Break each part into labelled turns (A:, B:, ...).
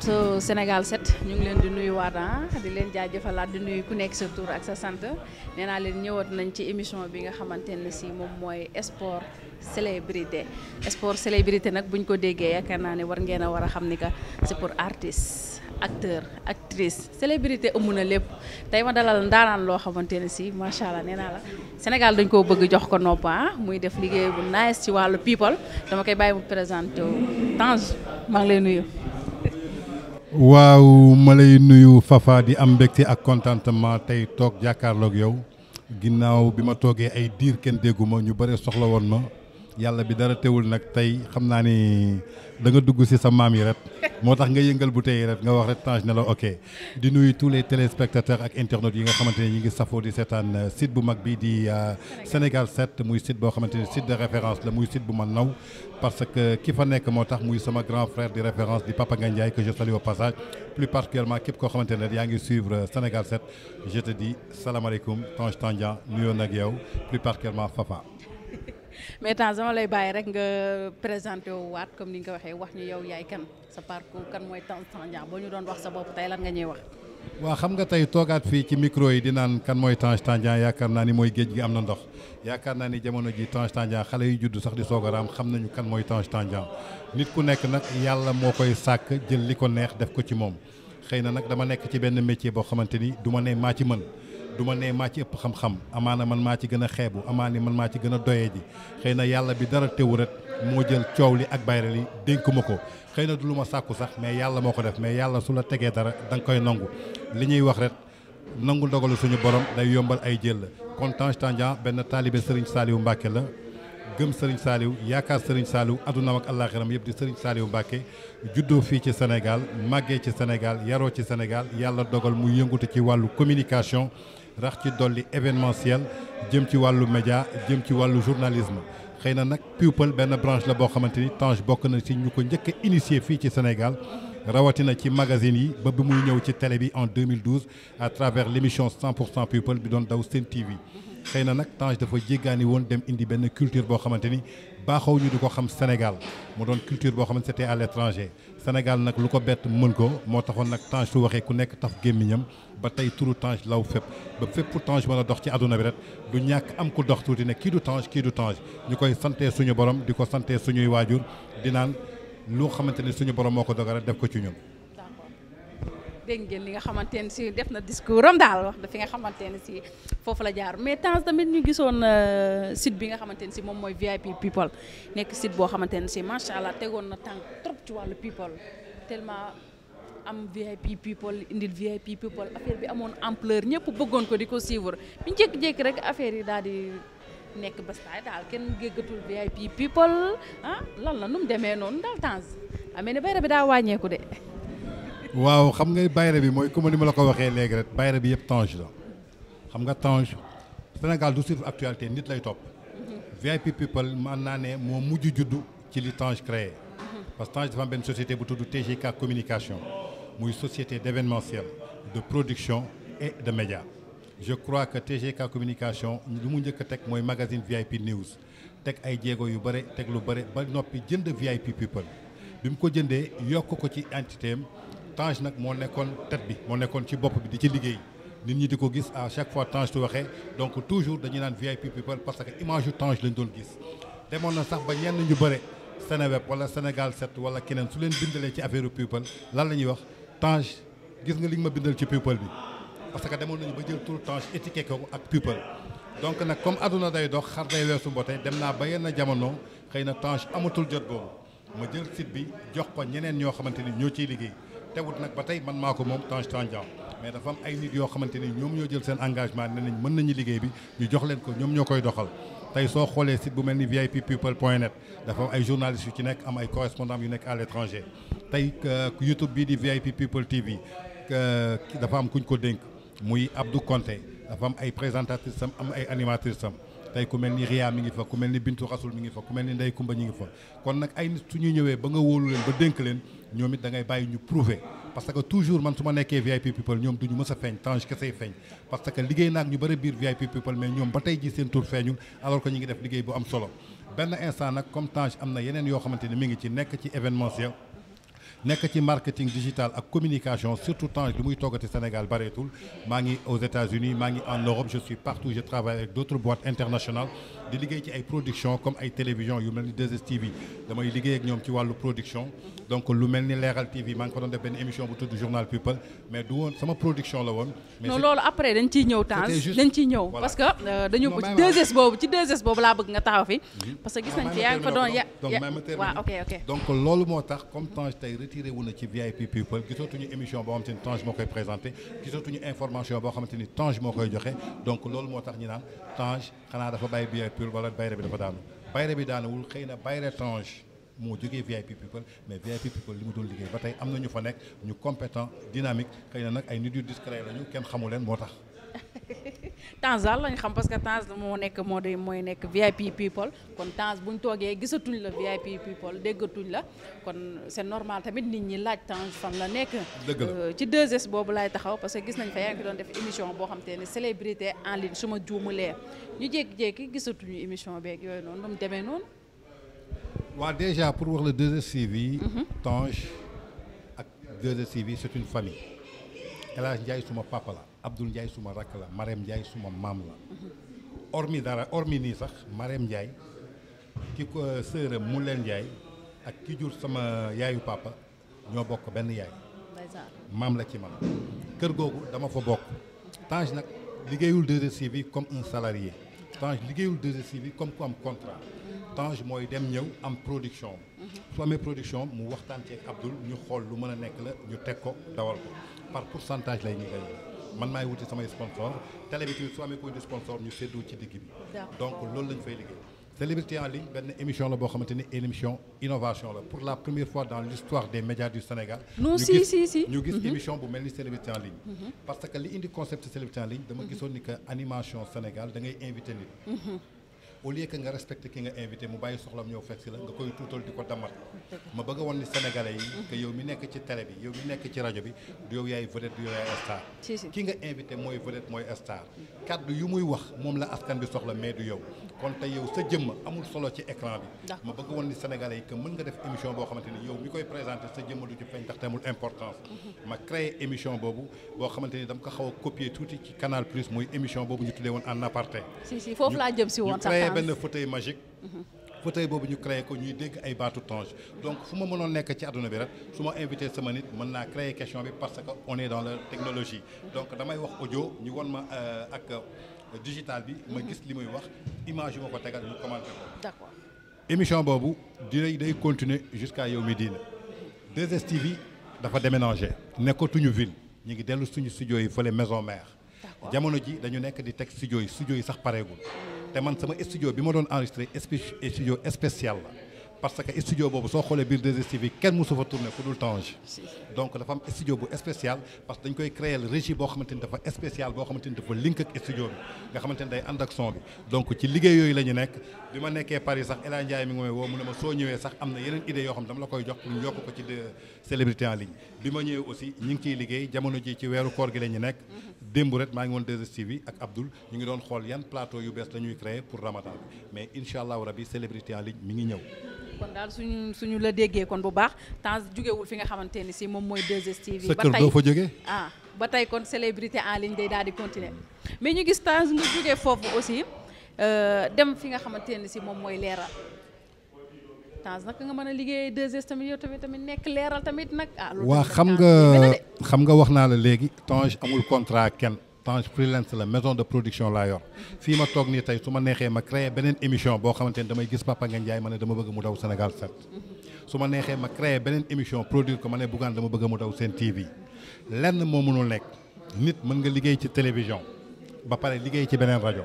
A: internet Sénégal 7 ñu ngi leen di nuyu waat ah, di leen jëfalaat di nuyu ku nekk sa tur ak sa sant nee naa leen ñëwaat nañ ci émission bi nga xamante ne si moom mooy sport célébrité sport célébrité nag bu ñu ko déggee yaakaar naa ne war ngeen a war a xam ni que c'est pour artiste acteur actrice célébrité ëmm na lépp tey ma dalal ndaanaan loo xamante ne si macha allah nee naa la Sénégal dañ koo bëgg jox ko noppa ah, muy def liggéey bu nice ci wàllu people dama koy bàyyi mu présenté maa ngi lay nuyu.
B: waaw ma lay nuyu Fafa di am mbégte ak contentement tey toog jàkkaarloog yow ginnaaw bi ma toogee ay diir kenn déggu ñu bare soxla woon ma yàlla bi dara teewul nag tey xam naa ni da nga dugg si sa maam yi ret moo tax nga yëngal bu tey ret nga wax ret Tange ne la ok di nuyu tous les téléspectateurs ak internet yi nga xamante ne ñi ngi safoo di seetaan euh, site bu mag bi di euh, Sénégal 7 muy site boo xamante ne site de référence la muy site bu ma naw parce que ki fa nekk moo tax muy sama grand frère di référence di Papa Ngagne Ndiaye que je salue au passage plus particulièrement képp koo xamante ne yaa ngi suivre Sénégal 7 je te dis salaamaaleykum Tange Tandian nuyoo yow plus particulièrement
A: mais temps dama lay bàyyi rek nga présenté wu waat comme ni nga ko waxee wax ñu yow yaay kan sa parcours kan mooy Tange Tandian boo sa bopp lan nga ñuy wax.
B: waaw xam nga tey toogaat fii ci micro yi di naan kan mooy Tange Tandian yaakaar naa ni mooy géej gi am na ndox yaakaar naa ni jamono ji Tange Tandian xale yu juddu sax di soog xam nañu kan mooy Tange Tandian nit ku nekk nag yàlla moo koy sàkk jël li ko neex def ko ci moom xëy na nag dama nekk ci benn métier boo xamante ni du ma ne maa ci mën. du ma nee maa ci ëpp xam-xam amaana man maa ci gën a xeebu amaani man maa ci gën a doye ji xëy na yàlla bi dara tewu rek moo jël coow li ak bayre li dénkuma ko xëy na du lu ma sàkku sax mais yàlla moo ko def mais yàlla su la tegee dara danga koy nangu li ñuy wax rek nangu dogalu suñu borom day yombal ay jël la kon Tange Tandian benn taalibe Serigne Saliou Mbacke la gëm Serigne Saliou yaakaar Serigne Saliou addunaam ak àllaaxiram yëpp di Serigne Saliou Mbacke juddoo fii ci Sénégal màggee ci Sénégal yaroo ci Sénégal yàlla dogal mu yëngatu ci wàllu communication rax ci dolli événementiel jëm ci wàllu média jëm ci wàllu journalisme xëy na nag people benn branche la boo xamante ni Tange bokk na ci ñu ko njëkk a fii ci Sénégal rawatina ci magasin yi ba bi muy ñëw ci tele bi en 2012 à travers l' émission 100 pour 100 people bi doon daw Sen TV xëy na nag Tange dafa jéggaani woon dem indi benn culture boo xamante ni baaxoo ñu di ko xam Sénégal mu doon culture boo xamante c'était à l'étranger Sénégal nag lu ko bett mën ko moo taxoon nag Tange su waxee ku nekk taf gémmiñam ba tey turu Tange law fépp ba fépp pour Tange mën dox ci àdduna bi rek du ñàkk am ku dox tuuti ne kii du Tange kii du Tange ñu koy santee suñu borom di ko santee suñuy waajur di naan loo xamante ni suñu borom moo ko dogal def ko ci ñun
A: dégg ngeen li nga xamante ne si def na discours am daal wax dafi nga xamante ne si foofu la jaar mais temps tamit ñu gisoon euh, site bi nga xamante ne si moom mooy VIP people nekk site boo xamante ne si macha allah tegoon na tànk trop ci wàllu people tellement am VIP people indil VIP people affaire bi amoon empleur ñëpp bëggoon ko di ko suivre bi ñu jékki-jékki rek affaire yi daal di nekk bastaay daal kenn géggatul VIP people ah lan la nu mu demee noonu daal temps amee ne b bi daa wàññeeku de.
B: waaw xam nga bayre bi mooy comme ni ma la ko waxee léegi rek bayre bi yëpp Tange la xam nga tenge Sénégal du suivre actualité nit lay topp VIP people man naa ne moo mujj juddu ci li Tange créé parce que Tange dafa am benn société bu tudd TGK communication muy société d'événementiel de production et de média je crois que TGK communication lu mu njëkk teg mooy magazine VIP news teg ay jéego yu bëre teg lu bëre ba noppi jënd VIP people bi mu ko jëndee yokk ko ci entité Tange nag moo nekkoon tête bi moo nekkoon ci bopp bi di ci liggéey nit ñi di ko gis à chaque fois Tange tu waxee donc toujours dañuy naan VIP people parce que image yu Tange lañ doon gis demoon na sax ba ñenn ñu bëre Seneweb wala Sénégal 7 wala keneen su leen bindalee ci affaire people lan la ñuy wax Tange gis nga li nga ma bindal ci people bi parce que demoon nañu ba jël tur Tange étiqueté ko ak people donc na comme àdduna day dox xar day weesu mboote dem ba yenn jamono xëy na amatul jot ma jël site bi jox ko ñeneen ñoo xamante ni ñoo ciy liggéey teewut nag ba tey man maa ko moom Tange Tandian mais dafa am ay nit yoo xamante ni ñoom ñoo jël seen engagement ne nañ mën nañu liggéey bi ñu jox leen ko ñoom ñoo koy doxal tey soo xoolee site bu mel ni vippeople.net dafa am ay journalistes yu ci nekk am ay correspondants yu nekk à l'étranger tey euh, YouTube bii di VIP People TV euh, dafa am kuñ ko dénk muy Abdou Conté dafa am ay présentatrices sam am ay animatrices sam tey ku mel ni Ria mi ngi fa ku mel ni Bintu Rasul mi ngi fa mel ni Ndey Kumba ñi ngi fa kon nag ay nit su ba nga wóolu leen ba dénk leen ñoom it dangay ngay bàyyi ñu prouver parce que toujours man su ma nekkee VIP people ñoom du ñu a feeñ Tange kese feeñ parce que liggéey naag ñu bëri biir VIP people mais ñoom ba tey ji seen tur feeñul alors que ñu ngi def liggéey bu am solo benn instant nag comme Tange am na yeneen yoo xamante ni mi ngi ci nekk ci événementiel nekk ci marketing digital ak communication surtout Tange li muy toggati Sénégal bareetul maa ngi aux États-Unis maa ngi en Europe je suis partout je travaille di liggéey ci ay production comme ay télévision yu mel ni 2STV damay liggéey ak ñoom ci wàllu production donc lu mel ni Leral TV maa ngi ko doon def benn émission bu tudd journal people mais du woon sama production la woon. mais non loolu
A: après dañ ciy ñëw temps dañ
B: ciy ñëw parce que
A: euh, dañu ci 2 boobu laa bëgg nga taxaw fi. parce que gis nañ ci yaa ngi fa doon ya donc
B: loolu moo tax comme Tange tey retiré wu na ci VIP people gisatuñu émission boo xamante ni Tange moo koy présenté gisatuñu information boo xamante ni Tange moo koy joxe donc loolu moo tax ñu naan Tange xanaa dafa bàyyi people wala bayre bi dafa daanu bayre bi daanawul xëy na bayre tranche moo jógee VIP people mais VIP people li mu doon liggéey ba tey am na ñu fa nekk ñu compétent dynamique xëy na nag ay nit yu discret lañu kenn xamu leen moo tax
A: Tanzal lañ xam parce que Tanz moo nekk moo di mooy nekk VIP people kon Tanz buñ toogee gisatuñ la VIP people déggatuñ la kon c'est normal tamit nit ñi laaj Tanz fan la nekk. dëgg euh, ci 2S boobu laay taxaw parce que gis nañ fa yaa ngi doon def émission boo xam te ne célébrité en ligne su ma juumulee ñu jékki-jékki gisatuñu émission beeg yooyu noonu ba mu demee noonu.
B: waa déjà pour wax la 2STV. Mhm. Tange ak 2STV c'est une famille El Hadj suma papa la. Abdoul Ndiaye suma rakk la Marème Ndiaye suma maam la hormi dara ormi nii sax Marème Ndiaye ki ko euh, sëram mu leen Ndiaye ak ki jur sama yaayu papa ñoo bokk benn yaay maam la ci man kër googu dama fa bokk Tange nag liggéeyul 2STV comme un salarié Tange liggéeyul 2STV comme ku am contrat Tange mooy dem ñëw am production su amee production mu waxtaan ceeg Abdoul ñu xool lu mën a nekk la ñu teg ko dawal ko par pourcentage lay ñu gañe man maay wuti samay sponsor télé bi tamit su amee ko wuti sponsor ñu séddoo ci digg bi donc loolu lañu fay liggéey Célébrité en ligne benn émission la boo xamante ni émission innovation la pour la première fois dans l'histoire des médias du Sénégal ñu gis mm-hmm. émission bu mel ni Célébrité en ligne mm-hmm. parce que li indi concept Célébrité en ligne dama mm-hmm. gisoon ni que animation Sénégal da ngay invité nit au lieu que nga respecte ki nga invité mu bàyyi soxlam ñëw fekk si la nga koy tuutal di ko damat ma bëgg woon ni sénégalais yi que yow mi nekk ci télé bi yow mi nekk ci rajo bi du yow yaay vedette du yow yaay star ki nga invité mooy vedette mooy star kaddu yu muy wax moom la askan bi soxla mais du yow kon te yow sa jëmm amul solo ci écran bi ma bëgg woon ni sénégalais yi que mën nga def émission boo xamante ni yow mi koy présenté sa jëmm du ci feeñ ndax tamul importance mhm. ma créé boobu boo xamante ni dama ko xaw a copier tuuti ci Canal Plus muy boobu ñu tuddee woon en aparté si si foofu benn fauteuil magique fauteuil boobu ñu créé ko ñuy dégg ay baatu Tange donc fu ma mënoon nekk ci àdduna bi rek su ma invité sama nit mën naa créer question bi parce que on est dans la technologie donc damay wax audio ñu won ma euh, ak euh, digital bi ma gis li muy wax image yu ma ko tegal ñu commenté ko émission boobu di day continuer jusqu'à yow mi diina 2STV yi dafa déménager nekkatuñu ville ñu ngi dellu suñu studio yi fële maison mère jamono ji dañu nekk di teg studio yi studio yi sax pareegul te man sama studio bi ma doon enregistré studio spécial la parce que studio boobu soo xoolee biir 2STV kenn mosu fa tourné ku dul Tange donc dafa am studio bu spécial parce que dañ koy créer régie boo xamante ni dafa spécial boo xamante ni dafa link ak studio bi nga xamante ni day ànd ak son bi donc ci liggéey yooyu la ñu nekk bi ma nekkee Paris sax El Hadj Ndiaye mi ngi may woo mu ne ma soo ñëwee sax am na yeneen idées yoo xam ne dama la koy jox pour ko ci célébrité en ma ñëwee aussi ñu ngi ciy liggéey jamono ji ci weeru koor gi la ñu démb rek maa ngi woon 2STV ak Abdoul ñu ngi doon xool yan plateau yu bees la créer pour ramadan mais incha allahu rabi célébrité en ligne mi ngi ñëw.
A: kon daal la déggee kon bu baax temps jógewul fi nga xamante ne si moom mooy 2STV. Ah, ba tey kon célébrité en ligne day daal di continuer mais ñu gis temps nga jógee foofu aussi euh, dem fi nga xamante ne si moom mooy leeral. compétence naka nga mën a liggéey 2S tamit yow tamit nekk leeral
B: tamit nag. Ah, waa xam nga xam nga wax naa la léegi Tange amul contrat kenn Tange freelance la maison de production laa yor mhm. ma toog nii tey su ma neexee ma créé beneen émission boo xamante ni damay gis Papa Ngagne Ndiaye dama bëgg mu daw Sénégal 7 mhm. su ma neexee ma créé beneen émission produire ko ma ne bëgg mu daw seen TV lenn moo mënul nekk nit mën nga liggéey ci télévision ba pare liggéey ci beneen rajo.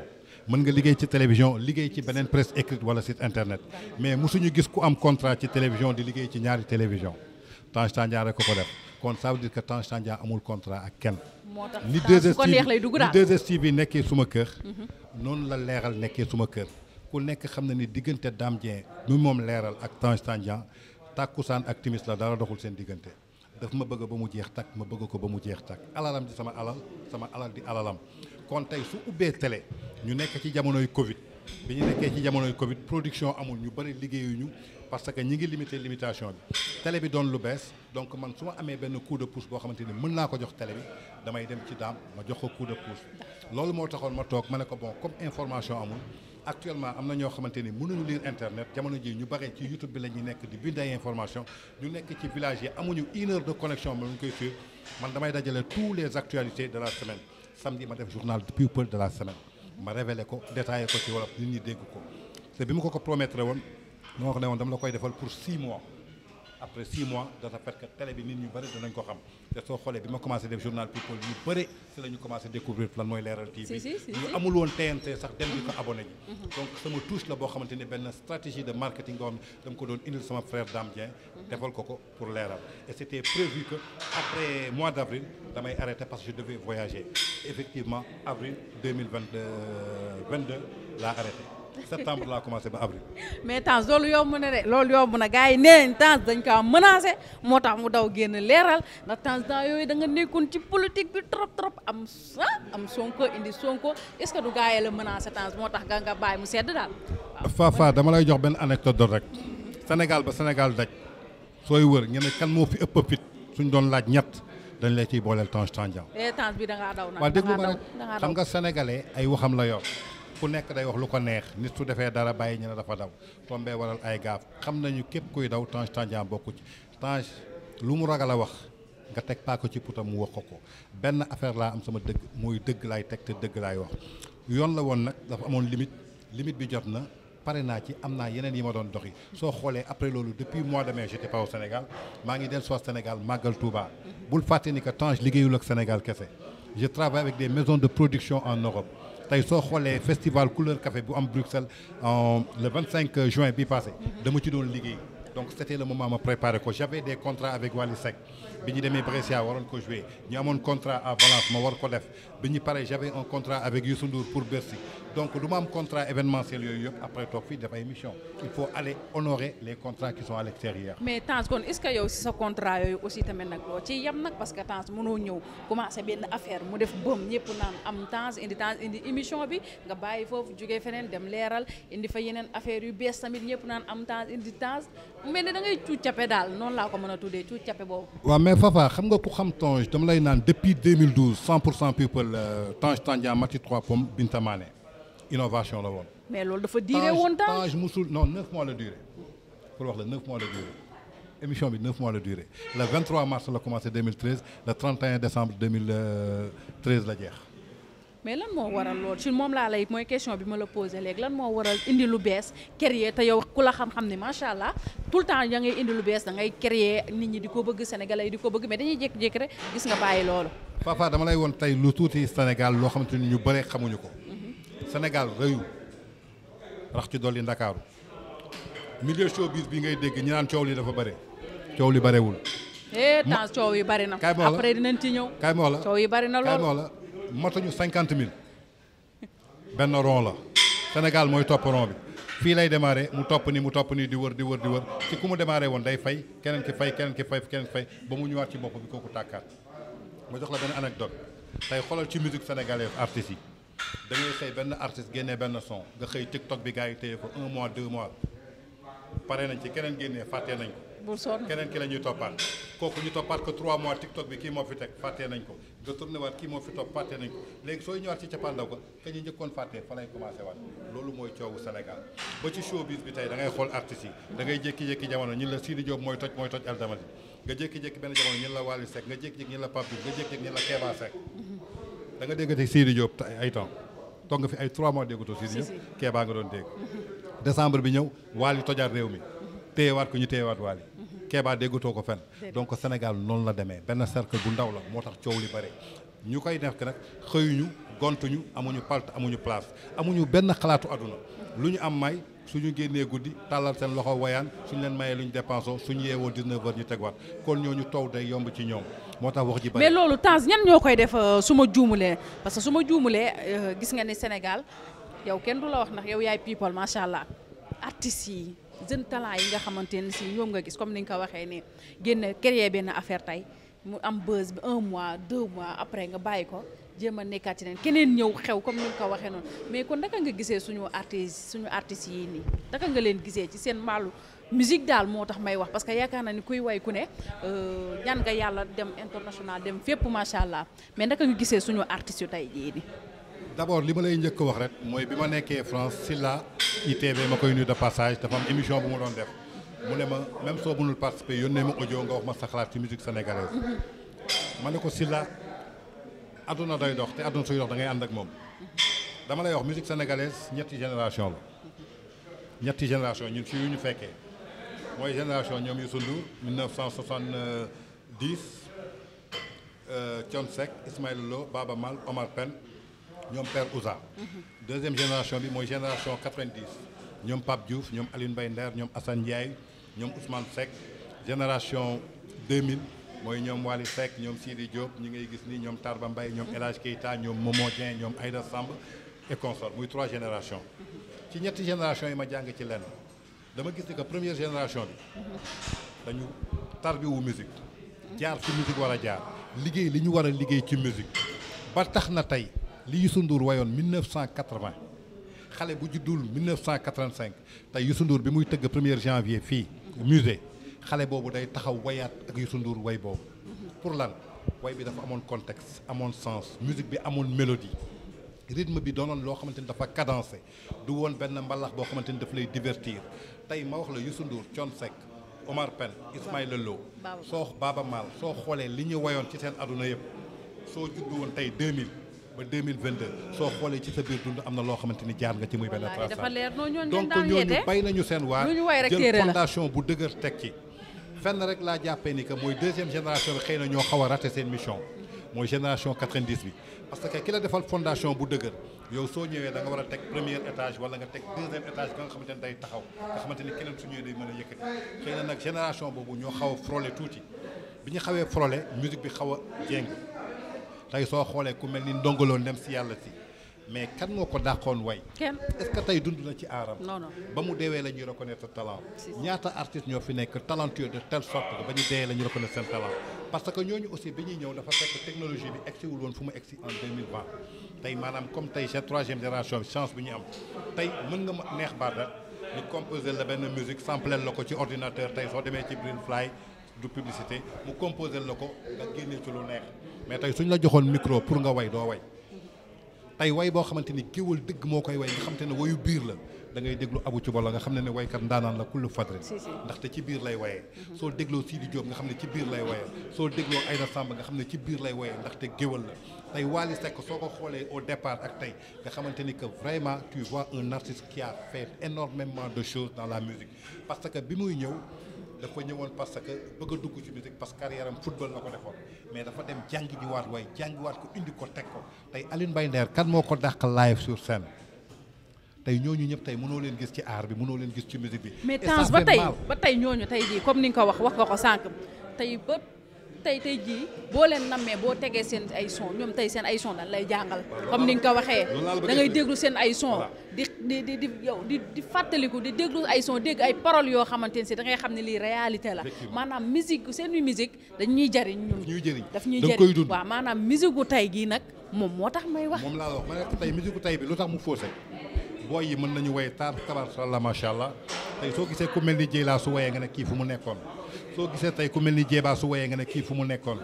B: mën nga liggéey ci télévision liggéey ci beneen presse écrite wala site internet mais musuñu gis ku am contrat ci télévision di liggéey ci ñaari télévision Tange Tandian rek ko ko def kon ça veut dire que Tange Tandian amul contrat ak kenn. moo tax ni 2STV bi nekkee suma kër. Mhm. noonu la leeral nekkee suma kër. ku nekk xam na ni diggante Dame Dieng mi moom leeral ak Tange Tandian tàkkusaan ak timis la dara doxul seen diggante. daf ma bëgg ba mu jeex takk ma bëgg ko ba mu jeex takk alalam di sama alal sama alal di alalam kon tey su ubbee tele ñu nekk ci jamonoy Covid bi ñu nekkee ci production amul ñu bari liggéeyuñu parce que ñi ngi limité limitation bi tele bi doon lu bees donc man su ma amee benn coup de pouse boo xamante ni mën naa ko jox tele bi damay dem ci daam ma jox ko coup de pouce loolu moo taxoon ma toog ma ne ko bon comme information amul actuellement am na ñoo xamante ni mënuñu lire internet jamono ji ñu bari ci YouTube bi la ñuy nekk di bind ay information ñu nekk ci village yi amuñu une de connexion ba ñu koy suivre man damay dajale tous les actualités de la semaine samedi ma def journal people de la semaine ma révélé ko détaillé ko ci wolof nit ñi dégg ko te bi ma ko ko promettre woon dama ko ne woon dama la koy defal pour six mois après 6 mois dana fekk télé bi nit ñu bëri danañ ko xam te soo xoolee bi ma commencé def journal people yu bëri si la ñu commencé lan mooy leeral TV ñu amul woon TNT sax dem di ko abonné ji mm-hmm. donc sama touche la boo xamante ne benn stratégie de marketing boo xam ne dama ko doon indil sama frère Dame mm-hmm. defal ko ko pour leeral et c' était prévu que après mois d' avril damay arrêté parce que je devais voyager effectivement avril 2022 22 euh, laa arrêté septembre laa commencé ba avril.
A: mais Tange loolu yomb na de loolu yomb na gars yi nee nañ Tange dañ kaa menacé moo tax mu daw génn leeral ndax Tange temps yooyu da nga nekkoon ci politique bi trop trop am ah am Sonko indi Sonko est ce que du gars yi la menacé Tange moo tax nga nga bàyyi mu sedd daal.
B: Fafa dama lay jox benn anecdote rek Sénégal ba Sénégal daj sooy wër ñu ne kan moo fi ëpp fit suñ doon laaj ñett. dañ lay ciy booleel Tange Tandian.
A: Eh, Tange bi da ngaa
C: daw nag. waaw déglu ma rek xam nga
B: sénégalais ay waxam la ku nekk day wax lu ko neex nit su defee dara bàyyi ñu ne dafa daw tombee waral ay gaaf xam nañu képp kuy daw Tange Tandian bokku ci Tange lu mu ragal a wax nga teg paako ci putam mu wax ko ko benn affaire laa am sama dëgg muy dëgg laay teg te dëgg laay wax yoon la woon nag dafa amoon limite limite bi jot na pare naa ci am naa yeneen yi ma doon doxi soo xoolee après loolu depuis mois de mai j'étais paw au Sénégal maa ngi dellu soit Sénégal màggal Touba bul fàtte ni que Tange liggéeyul Sénégal kese je travaille des maisons de production en Europe tey soo xoolee festival couleur kafe bu am Bruxelles le 25 juin bi passé dama ci doon liggéey donc c' était le moment ma préparé ko j'avais des contrats avec Wally Seck bi ñu demee Brescia waroon ko jouer ñu amoon contrat à Valence ma war ko def bi ñu paree j'avais un contrat avec Youssou Ndour pour Bercy donc du ma am contrat événementiel yooyu yëpp après toog fii def ay mission il faut aller honorer les contrats qui sont à
A: mais Tange kon est que yow si sa contrat yooyu aussi tamit nag loo ci yem nag parce que Tange mënoo ñëw commencé benn affaire mu def bëm ñëpp naan am Tange indi Tange indi émission bi nga bàyyi foofu jógee feneen dem leeral indi fa yeneen affaire yu bees tamit ñëpp naan am Tange indi Tange mu mel ne da ngay cuuc daal noonu laa ko mën a tuddee cuuc cape boobu
B: waaw mais Fafa xam nga naan depuis 2012 100 pour cent people euh, Tange Tandian Maty 3 innovation la woon. mais loolu dafa diire woon temps Tange musul non neuf mois la durée pour wax la la durée émission bi neuf mois la durée le 23 mars la commencé 2013 le 31 décembre jeex.
A: mais lan moo waral lool ci moom laa lay mooy question bi ma la posé léegi lan moo waral indi lu bees créer te yow ku la xam-xam ne macha allah tout le temps da ngay indi lu bees da ngay créer nit ñi di ko bëgg Sénégalais yi di ko bëgg mais dañuy jékki-jékki rek gis nga bàyyi loolu.
B: dama lay woon tey lu tuuti Sénégal loo xamante ni ñu bëree xamuñu ko. senegal rëyu rax ci dolli Ndakaaru milieu showbiz bi ngay dégg ñi naan coow lii dafa bare coow li barewul.
A: Eh, temps coow yi bari na. kaay la après dinañ ñëw. kaay la coow yi bari na lool la
B: matuñu cinquante mille benn ron la senegal mooy topp rond bi. fii lay démarré mu topp ni mu topp ni di wër di wër di wër ci ku mu démarré woon day fay keneen ki fay keneen ki fay ba mu ñëwaat ci bopp bi kooku tàkkaat ma jox la benn anecdote tey xoolal ci musique sénégalaise artistes yi. da ngay xëy benn artiste génnee benn son nga xëy TikTok bi gars yi téye ko un mois deux mois pare nañ ci keneen génnee fàttee nañ ko. keneen ki la ñuy toppaat kooku ñu toppaat ko trois mois TikTok bi kii moo fi teg fàttee nañ ko nga tourné waat kii moo fi topp fàttee nañ ko léegi sooy ñëwaat ci cappaandaw ko ka ñu njëkkoon fàttee fa lay commencé waat loolu mooy coowu Sénégal ba ci showbiz bi tey da ngay xool artistes yi da jékki-jékki jamono ñun la Sidi Diop mooy toj mooy toj Aldamadi nga jékki-jékki benn jamono ñun la Wally Seck nga jékki-jékki ñun la da nga déggati Sidi Diop ay temps toog nga fi ay 3 mois déggatoo Sidi Diop kee baa nga doon dégg décembre bi ñëw Wally tojaat réew mi téyewaat ku ñu téyewaat Wally keebaa déggutoo ko fenn donc Sénégal noonu la demee benn cercle bu ndaw la moo tax coow li bare ñu koy nekk nag xëyuñu gontuñu amuñu palt amuñu place amuñu benn xalaatu àdduna lu ñu am may suñu génnee guddi tàllal seen loxo wayaan suñu leen mayee lu ñu dépensoo suñu yeewoo 19 ñu tegwaat kon ñooñu toog day yomb ci ñoom moo tax wax ji mais
A: loolu temps ñan ñoo koy def euh, suma ma juumulee parce que suma ma juumulee euh, gis nga ni Sénégal yow kenn du la wax ndax yow yaay people macha allah artistes yi jeune talent yi nga xamante ne si ñoom nga gis comme ni nga ko waxee nii génn créer benn affaire tey mu am buzz bi un mois deux mois après nga bàyyi ko jéem a nekkaat ci neen keneen ñëw xew comme ni nga ko waxee noonu mais kon naka nga gisee suñu artistes suñu artistes yi nii naka nga leen gisee ci seen maalu musique daal moo tax may wax parce que yaakaar na ni kuy way ku ne euh, ñaan nga yàlla dem international dem fépp macha allah mais naka nga gisee suñu artistes yu tey jii di
B: d'abord li ma lay njëkk wax rek mooy bi ma nekkee France silla la ITV ma koy nuyu de passage dafa am émission bu ma doon def mu ne ma même soo mënul participer yónnee ma audio nga wax ma sa xalaat ci musique sénégalaise ma ne ko si la adduna doy dox te adduna suy dox da ngay ànd ak moom dama lay wax musique sénégalaise ñetti ñetti génération ñun si yu ñu fekkee mooy génération ñoom Youssou Ndour 1970 euh, Thione Seck Ismaël Lo Baaba Maal Omar Pène ñoom Père Ouza. Mhm. deuxième génération bi mooy génération 90 ñoom Pape Diouf ñoom Aline Mbaye Nder ñoom Assane Ndiaye ñoom Ousmane Seck génération 2000 mooy ñoom Wally Seck ñoom Sidi Diop ñi ngay gis ni ñoom Tarba mbay ñoom El Hadj Keita ñoom Momo Dieng ñoom Aïda Samb et consort muy trois générations. Mhm. ci ñetti génération yi ma jàng ci lenn. dama gis ni que première génération bi dañu tarbiwu musique jaar fi musique war a jaar liggéey li ñu war a liggéey ci musique ba tax na tey li Youssou Ndour wayoon 1980 xale bu juddul 1985 tey Youssou Ndour bi muy tëgg première er janvier fii musée xale boobu day taxaw wayaat ak Youssou way boobu pour lan way bi dafa amoon contexte amoon sens musique bi amoon mélodie rythme bi doonoon loo xamante ni dafa cadencé du woon benn mbalax boo xamante ni daf lay divertir tey ma wax la Youssou Ndour Thione Seck Omar Pène Ismaïla Lo soo Baaba Maal soo xoolee li ñu woyoon ci seen àdduna yëpp soo juddu woon tey 2000 ba 2022 soo xoolee ci sa biir dund am na loo xamante ni jaar nga ci muy benn traçage
A: donc ñooñu bay
B: nañu seen waar jël fondation bu dëgër teg ci fenn rek laa jàppee ni que mooy deuxième génération bi xëy na ñoo xaw a raté seen mission mooy génération 90 bi parce que ki la defal fondation bu dëgër yow soo ñëwee da nga war a teg premier étage wala nga teg deuxième étage ba nga xamante ne day taxaw nga xamante ni keneen su ñëwee day mën a yëkkati xëy na nag génération boobu ñoo xaw a tuuti bi ñu xawee frôlé musique bi xaw a jéng tey soo xoolee ku mel ni ndongoloo ndem si yàlla si mais kan moo ko dàqoon way kenn est-ce que tey dund na ci aaram ba mu deewee la ñuy reconnaître talent ñaata artiste ñoo fi nekk talentueux de telle sorte que ba ñu deewee la ñuy reconnaître seen parce que ñooñu aussi bi ñuy ñëw dafa fekk technologie bi egsi wul woon fu mu egsi en 2020 tey maanaam comme tey cette troisième génération bi chance bi ñu am tey mën nga ma neex baat ñu composer la benn musique sampleel la ko ci ordinateur tey soo demee ci Greenfly du publicité mu composer la ko nga génne ci lu neex mais tey suñ la joxoon micro pour nga way doo way tey way boo xamante ni géwal dëgg moo koy way nga xamante ne wayu biir la da ngay déglu Abu ci la nga xam ne ne waykat ndaanaan la kullu fadrin ndaxte ci biir lay wayee mhm. soo dégloo Sidi Diop nga xam ne ci biir lay wayee soo dégloo Aïda Samb nga xam ne ci biir lay wayee te géwal la tey Wally Seck soo ko xoolee au départ ak tey nga xamante ni que vraiment tu vois un artiste qui a fait de choses dans la musique parce que bi muy ñëw dafa ñëwoon parce que bëgg dugg ci musique parce que carrière am football ko mais dafa dem jàngi ji waat way jàngi waat ko teg ko tey Aline Mbaye Nder moo ko dàq live sur scène tey ñooñu ñëpp tey mënoo leen gis ci aar bi mënoo leen gis ci musique bi. mais temps ba tey
A: ba tey ñooñu tey jii comme ni nga ko wax wax nga ko sànq tey ba tey tey jii boo leen nammee boo tegee seen ay son ñoom tey seen ay son dañ lay jàngal comme ni nga ko waxee da ngay déglu seen ay son di di di di yow di di déglu ay son dégg ay paroles yoo xamante ne si da ngay xam ne lii réalité la maanaam musique seen musique dañuy jariñ ñun
B: daf ñuy jariñ waaw
A: maanaam musique gu tey gii nag moom moo tax may wax moom
B: laa wax ma ne tey musique gu tey bi lu tax mu faussé booy yi mën nañu woy tar tabarkalla macha allah tey soo gisee ku mel ni Dieyla su woyee nga ne kii fu mu nekkoon soo gisee tey ku mel ni Jeeba su woyee nga ne kii fu mu nekkoon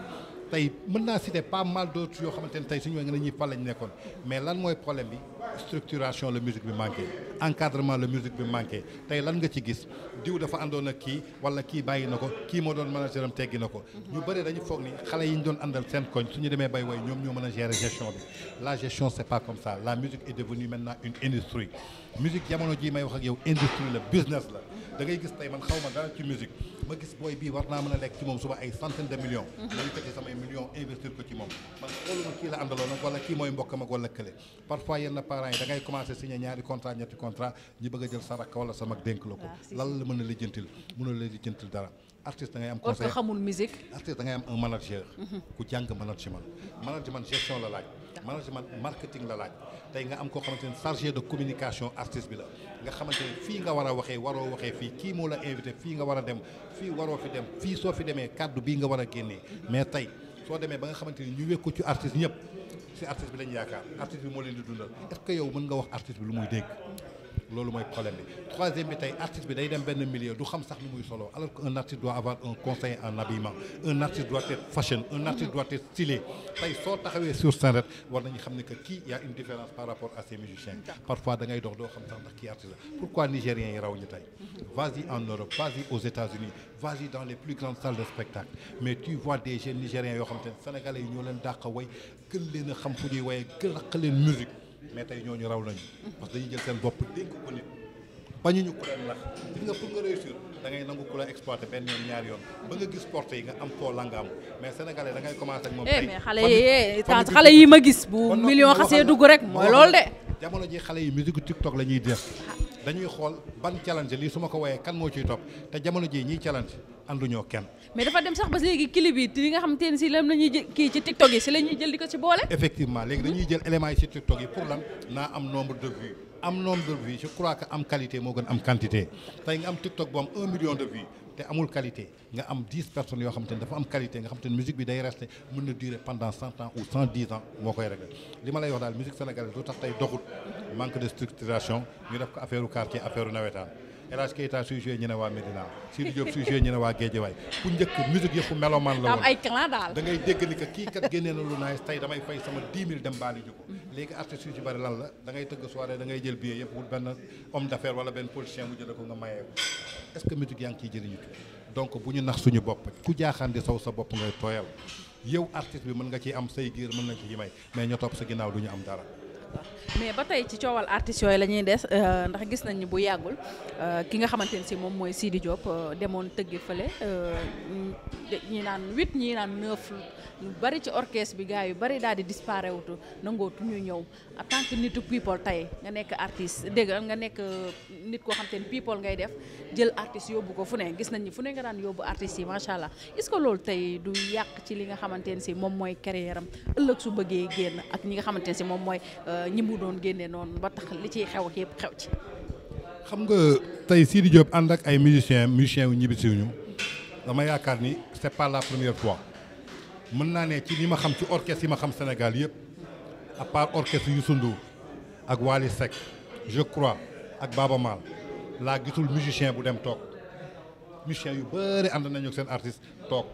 B: tey mën naa citer pas mal d'autres yoo xamante tey suñu wàllu ñuy fan lañ nekkoon mais lan mooy problème bi structuration la musique bi manqué encadrement la musique bi manqué tey lan nga ci gis diw dafa àndoon ak kii wala kii bàyyi na ko kii moo doon manager am teggi na ko. ñu bëri dañu foog ni xale yi doon àndal seen koñ suñu demee bay way ñoom ñoo mën a gérer gestion bi la gestion c'est pas comme ça la musique est devenue maintenant une industrie la. da ngay gis tey man xaw ma dara ci musique ma gis booy bii war naa mën a lekk ci moom suba ay centaine de millions dañu mhm. fekkee samay millions investir ko ci moom man xooluma kii la àndaloon nag wala kii mooy mbokk mag wala kële parfois yenn parents yi da ngay commencé signé ñaari contrat ñetti contrat ñi bëgg a jël sa rakk wala sa mag dénk la ko ah, lan la mën a lijjantil mënul la lijjantil dara artiste da ngay am conseil xamul musique artiste da ngay am un manager mhm. ku jàng management mhm. management gestion la laaj laaj tey nga am koo xamante ne chargé de communication artiste bi la nga xamante ne fii nga war a waxee waroo waxee fii kii moo la invité fii nga war a dem fii waroo fi dem fii soo fi demee kàddu bii nga war a génnee mais tey soo demee ba nga xamante ni ñu wekku ci artiste ñëpp si artiste bi lañ yaakaar artiste bi moo leen di dundal est-ce yow mën nga wax artiste bi lu muy dégg loolu mooy problème bi troisième bi tey artiste bi day dem benn milieu du xam sax lu muy solo alors qu'un artiste doit avoir un conseil en habillement un artiste doit être fashion un artiste doit être stylé tey soo taxawee sur scène war nañu xam ne kii y a une différence par rapport à ces musiciens parfois da dox doo xam sax ndax kii artiste la pourquoi nigériens yi raw ñu tey mhm. vas en Europe vas aux États-Unis vas dans les plus grandes salles de xam ne sénégalais yi ñoo leen dàq way gën leen a xam fu mais tey ñooñu raw nañu parce que dañuy jël seen bopp dénk ko nit bañuñu ku leen nax gis nga nga réussir da ngay nangu ku la exploité benn yoon ñaari yoon ba nga gis porté yi nga am koo la nga am mais sénégalais da ngay commencé ak moom eh, tey xale yi tant eh, xale yi ma gis bu million xasee dugg rek mooy loolu de jamono ji xale yi musique TikTok la ñuy def dañuy xool ban challenge lii su ma ko woyee kan moo ciy topp te jamono ji ñiy challenge ànduñoo kenn.
A: mais dafa dem sax ba léegi clip yi li nga xam ne si lan la jël kii ci TikTok yi si la ñuy jël di ko ci boole.
B: effectivement léegi dañuy jël éléments yi ci TikTok yi pour lan naa am nombre de vues. am nombre de vues je crois que am qualité moo gën am quantité tey nga am TikTok bu am un million de vues te amul qualité nga am dix personnes yoo xam te ne dafa am qualité nga xam te ne musique bi day resté mën na durer pendant cent ans ma lay wax daal musique sénégalaise lu tax tey doxut de structuration ñu def ko affaire El Hadj Keita suy joué ñu ne waa Medina Sidi Diop suy joué ñu ne waa Guédiawaye bu njëkk musique yëpp melomaan la woon ay clan daal da dégg ni que kii kat génnee na lu nice tey damay fay sama dem baali ji ko léegi artistes yu ci bari lan la da ngay tëgg soirée da ngay jël billet yëpp wut benn homme d'affaires wala benn politicien mu jëlee ko nga mayee ko est-ce que musique yaa ngi ciy donc bu ñu nax suñu bopp ku jaaxaan di saw sa bopp ngay tooyal yow artiste bi mën nga am say giir mën nañ ci yi mais ñoo topp sa ginnaaw du ñu am dara
A: mais ba tey ci coowal artistes yooyu la ñuy des euh, ndax gis nañu bu yàggul euh, ki nga xamante ne si moom mooy di Diop euh, demoon tëggi fële ñi naan huit ñi naan neuf bari ci orchestre bi gars yu bari daal di disparaître wutu nangootu ñu ñëw en tant que nitu people tey nga nekk artiste dégg nga nekk nit koo xam te ne people ngay def jël artiste yóbbu ko fu ne gis nañu fu ne nga daan yóbbu artistes yi macha allah est-ce loolu tey du yàq ci li nga xamante ne si moom mooy carrière yaram ëllëg su bëggee génn ak ñi nga xamante ne moom mooy doon génne noonu ba tax li ciy xew yëpp xew ci.
B: xam nga tey Sidi Diop ànd ak ay musiciens musiciens yu ñibbisiwuñu dama yaakaar ni c'est pas la première fois mën naa ne ci li ma xam ci orchestre yi ma xam senegal yëpp à part orchestre Youssou Ndour ak Wally sec je crois ak Baba Maal laa gisul musicien bu dem toog musicien yu bëri ànd nañu ak seen artiste toog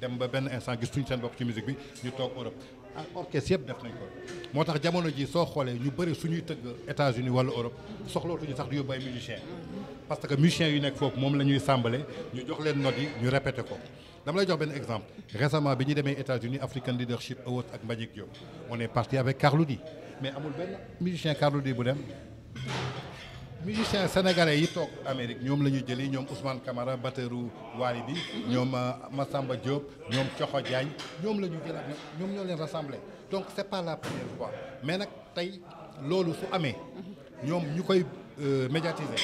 B: dem ba benn instant gis suñ seen bopp ci musique bi ñu toog Europe ak orchestre yëpp def nañ ko moo tax jamono ji soo xoolee ñu bëri suñuy tëgg États-Unis wala Europe soxlootuñu sax di yóbbu ay musiciens parce que musiciens yu nekk foofu moom la ñuy sàmbale ñu jox leen notes yi ñu répété ko dama lay jox benn exemple récemment bi ñu demee États-Unis African Leadership Awards ak Mbagnick Diop on est avec Carlou D mais amul benn musicien Carlou D bu dem musiciens sénégalais yi toog Amérique ñoom la ñu jëli ñoom Ousmane Camara batteuru Wally bi ñoom euh, Massamba Diop ñoom Coxo Diagne ñoom la ñu jëlaat nag ñoom ñoo leen rassemblé donc c'est pas la première fois mais nag tey loolu su amee ñoom ñu koy euh, médiatiser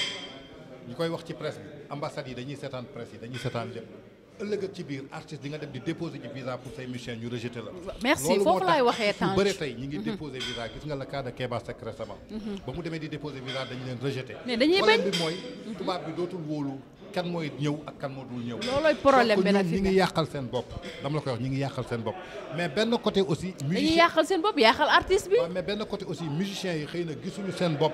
B: ñu koy wax ci presse bi ambassades yi dañuy seetaan presse yi dañuy seetaan lépp ëllëg ci biir artiste di nga dem di déposer ji visa pour say musiciens ñu rejeté la. merci foofu laay waxee tànk loolu moo tey ñu ngi déposer visa gis nga le cas de Kéba Seck mhm. ba mu demee di déposer visa dañu leen rejeté. mais dañuy bañ problème bi mooy. tubaab bi dootul wóolu kan mooy ñëw ak kan moo dul ñëw. loolooy problème bi nag fi ñi ngi yàqal seen bopp. dama la koy wax ñi ngi yàqal seen bopp mais benn côté aussi. musicien seen mais benn côté aussi musiciens yi xëy na gisuñu seen bopp.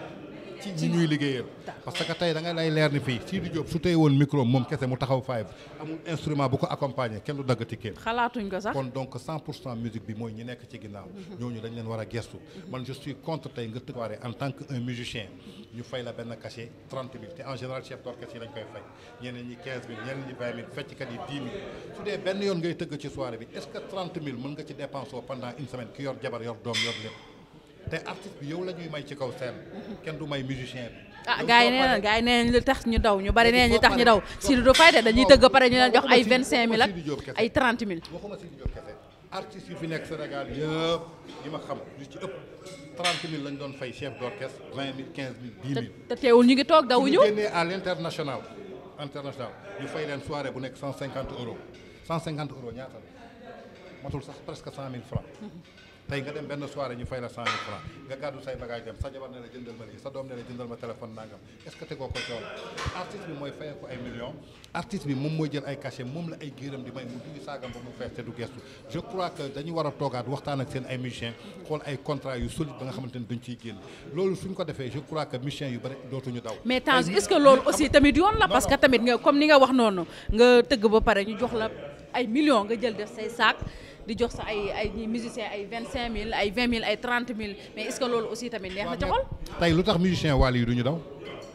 B: ci ñi ñuy liggéeyal parce que tey da nga lay leer ni fii Sidi Diop su tey woon micro moom kese mu taxaw five amul instrument bu ko accompagner kenn du dagg ticket
A: xalaatuñ ko sax kon
B: donc bi mooy ñi nekk ci ginnaaw ñooñu dañ leen war a gestu man je contre tey nga tëwaare en tant que un musicien ñu fay la benn cachet trente mille te en général chef d'orchestre yi lañ koy fay ñeneen ñi quinze mille ñeneen ñi vingt mille yi dix mille su dee benn te artiste bi yow la ñuy may ci kaw seen kenn du may musicien bi. ah gars yi nee na gars
A: yi tax ñu daw ñu bari nee nañ tax ñu daw si Diop fayda dañuy tëgg pare ñu leen jox ay vingt cinq mille ak ay trente mille. waxuma
B: Sidi Diop kese artiste yu fi nekk Sénégal yëpp yi ma xam lu ci ëpp trente mille lañ doon fay chef d'orchestre vingt mille quinze mille dix mille. te teewul ñu ngi toog dawuñu. ñu génnee à l'international international ñu fay leen soirée bu nekk cent cinquante euros cent cinquante euros ñaata la matul sax presque cent mille francs. tey nga dem benn soirée ñu fay la cent mille francs nga gàddu say bagage dem sa jabar ne la jëndal ma lii sa doom ne la jëndal ma téléphone nangam est moom mooy jël ay cachet moom la ay géram di may mu war a toogaat waxtaan ak seen ay musiciens xool ay contrat yu solide xamante ne duñ ciy génn loolu suñ ko defee je crois que musiciens yu bëri dootuñu daw mais Tange est-ce que
A: loolu aussi tamit yoon la parce que tamit nga comme ni nga wax ay millions nga jël def say saak di jox sa ay ay musiciens ay vingt cinq mille ay vingt mille ay trente mille mais est loolu aussi tamit neex na ci xol.
B: lu tax musicien waal yi du ñu daw.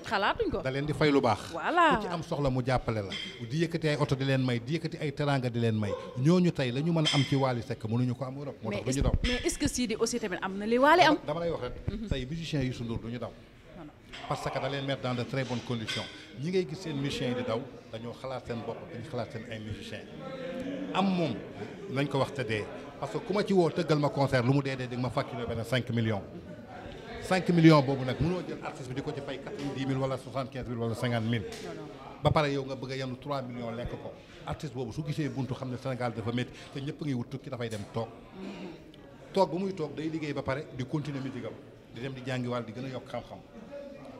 A: xalaatuñ ko da
B: leen di fay lu baax. voilà ku ci am soxla mu jàppale la. di yëkkati ay oto di leen may di yëkkati ay teranga di leen may ñooñu tey la ñu mën a am ci Wally Seck mënuñu ko am Europe. moo tax du ñu mais
A: est-ce que aussi tamit am na li
B: Wally am. dama lay wax mhm. yi sundur du ñu daw. parce que da leen mettre dans de très ñi ngay gis seen musiciens yi di daw dañoo xalaat seen bopp dañu xalaat am moom nañ ko wax te dee parce que ku ma ci woo tëggal ma concert lu mu dee dee di ma facturé benn 5 millions. 5 millions boobu nag mënoo jël artiste bi di ko ci fay 90 mille wala 75 mille wala 50 mille. ba pare yow nga bëgg a yanu 3 millions lekk ko artiste boobu su gisee buntu xam ne Sénégal dafa métti te ñëpp ngi wut tukki dafay dem toog. toog ba muy toog day liggéey ba pare di continuer musique di dem di jàngiwaal di gën a yokk xam-xam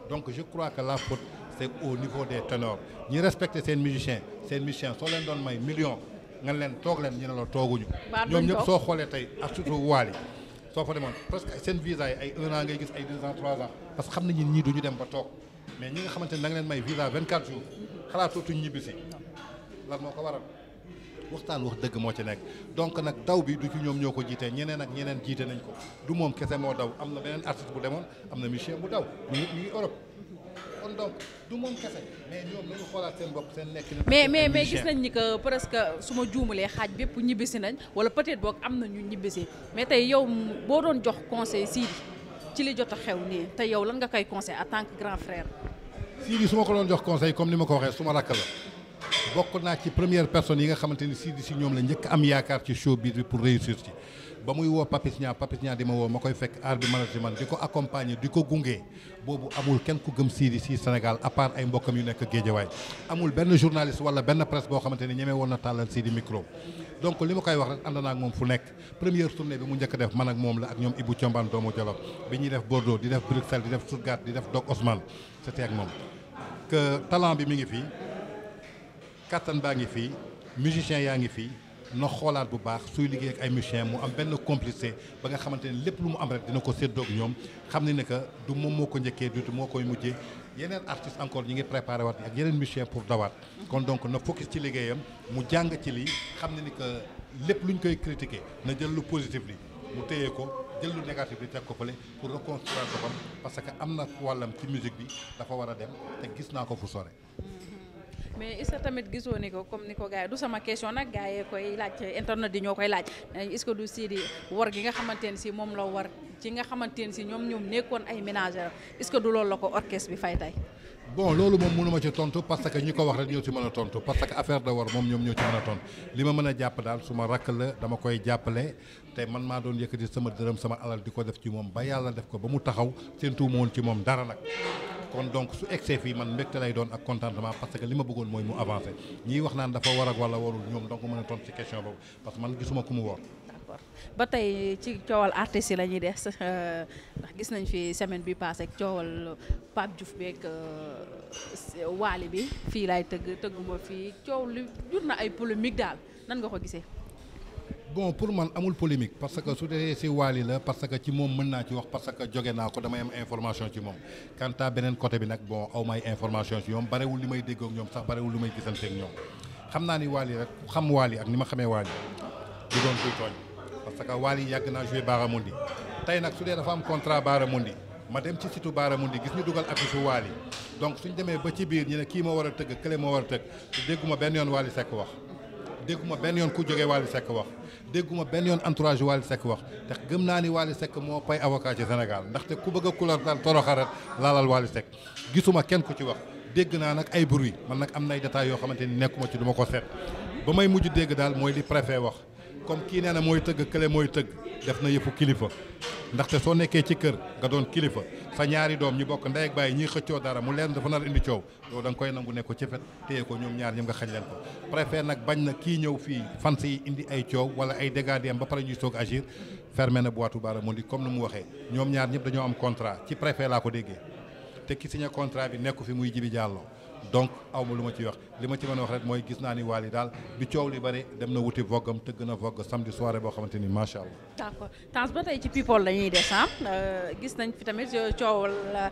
B: donc je crois que la faute c'est au niveau des ténors ñi respecté seen musicien seen musicien soo leen doon may million nga leen toog leen ñu ne la tooguñu. ñoom ñëpp soo xoolee tey ak surtout waal yi soo fa demoon presque seen visa yi ay un an ngay gis ay deux ans trois ans parce que xam nañu ñii duñu dem ba toog mais ñi nga xamante ne da nga leen may visa vingt quatre jours xalaatootuñ ñibbi si lan moo ko waral waxtaan wax dëgg moo ci nekk donc nag daw bi du ci ñoom ñoo ko jiitee ñeneen ak ñeneen jiite nañ ko du moom kese moo daw am na beneen artiste bu demoon am na monsieur bu daw ñu donc du moom kese mais ñoom nañu xoolaat seen mais mais mais gis nañ
A: ni que presque su ma juumalee xaaj bépp ñibbisi nañ wala peut-être boog am na ñu ñibbisi mais tey yow boo doon jox conseil Sidi ci li jot a xew nii te yow lan nga koy conseil en tant que grand frère.
B: Sidi su ma ko doon jox conseil comme ni ma ko waxee su ma rakk la bokk naa ci première personne yi nga xamante ni Sidi si ñoom la njëkk am yaakaar ci showbiz bi pour réussir ci. ba muy woo Papis Niang Papis di ma woo ma koy fekk aar bi management di ko accompagner di ko gunge boobu amul kenn ku gëm Sidy si Sénégal à part ay mbokkam yu nekk Géejawaay amul benn journaliste wala benn presse boo xamante ne ñemee woon na tàllal Sidy micro donc li ma koy wax rek ànd naa ak moom fu nekk première tournée bi mu njëkk def man ak moom la ak ñoom Ibou Thiombane doomu Jolof bi ñuy def Bordeaux di def Bruxelles di def Stuttgart di d Doc Ousmane c'était ak moom que talent bi mi ngi fii kattan baa ngi fii musicien yaa ngi fii na xoolaat bu baax suy liggéey ak ay musiciens mu am benn complicité ba nga xamante ne lépp lu mu am rek dina ko séddoo ñoom xam ne ne que du moom moo ko njëkkee du moo koy mujjee yeneen artistes encore ñi ngi préparé waat ak yeneen musiciens pour dawaat. kon donc na focus ci liggéeyam mu jàng ci lii xam ne ni que lépp luñ koy critiquer na jël lu positif li mu téye ko. jël lu négatif bi teg ko fële pour reconstruire boppam parce que am na wàllam ci musique bi dafa war a dem te gis naa ko fu sore
A: mais est-ce tamit gisoo ni ko comme ni ko gars yi du sama question nag gars yee koy laaj internet yi ñoo koy laaj est-ce que du si di war gi nga xamante ne si moom la war ci nga xamante ne si ñoom ñoom nekkoon ay ménagères est-ce que du loolu la ko orchestre bi fay tey.
B: bon loolu moom mënuma ci tontu parce que ñi ko wax rek ñoo ci mën a tontu parce que affaire de war moom ñoom ñoo ci mën a tontu li ma mën a jàpp daal su ma rakk la dama koy jàppale te man maa doon yëkkati sama dërëm sama alal di ko def ci moom ba yàlla def ko ba mu taxaw seen tuuma woon ci moom dara nag kon donc su egsee fii man mbégte lay doon ak contentement parce que li ma bëggoon mooy mu avancé ñiy wax naan dafa war ak wala warul ñoom donc mën a tontu ci question boobu parce que man gisuma ku mu woor
A: ba tey ci coowal artistes yi la ñuy des euh, ndax gis nañ fi semaine bi passé ak coowal Pape Diouf beeg euh, Waly bi fii laay tëgg tëgguma fii coow li jur na ay polémique daal nan nga ko gisee
B: bon pour man amul polémique parce que su dee si Wally la parce que ci moom mën naa ci wax parce que joge naa ko damay am information ci moom quant à beneen côté bi nag bon aw may information ci ñoom barewul li may déggook ñoom sax barewul li may gisante ñoom xam naa ni Wally rek xam Wally ak ni ma xamee Wally du doon kuy tooñ parce que Wally yàgg naa joué Baaramundi tey nag su dee dafa am contrat Baaramundi ma dem ci situ Baaramundi gis ñu dugal affiche su Wally donc demee ba ci biir ñu ne kii moo war a tëgg kële war a tëgg te benn yoon Wally Seck wax dégguma benn yoon ku jógee Wally Seck wax dégguma benn yoon entourage Wally Seck wax te gëm naa ni Wally Seck moo pay avocat ci Sénégal ndaxte ku bëgg a kulantal toroxarat laalal Wally Seck gisuma kenn ku ci wax dégg naa nag ay bruit man nag am nay détails yoo xamante ni nekkuma ci duma ko seet ba may mujj dégg daal mooy li préfet wax comme kii nee na mooy tëgg kële mooy tëgg def na yëfu kilifa ndaxte soo nekkee ci kër nga doon kilifa sa ñaari doom ñi bokk ndey ak bàyyi ñuy xëccoo dara mu leen dafa nar indi coow yow da nga koy nangu ne ko ci fet ko ñoom ñaar ñoom nga xañ leen ko préfet nag bañ na kii ñëw fii fans yi indi ay coow wala ay dégâts ba pare ñuy soog agir fermé na boîte Bara Moly comme ni mu waxee ñoom ñaar ñëpp dañoo am contrat ci préfet laa ko déggee te ki signé contrat bi nekku fi muy Djibi Diallo donc aw ma lu ma ci wax li ma ci mën a wax rek mooy gis naa ni yi daal bi coow li bari dem na wuti voggam tëgg na vogg samedi soirée boo xamante ni macha allah.
A: d'accord temps ba tey ci people la ñuy des euh, gis nañ fi tamit euh, coowal euh,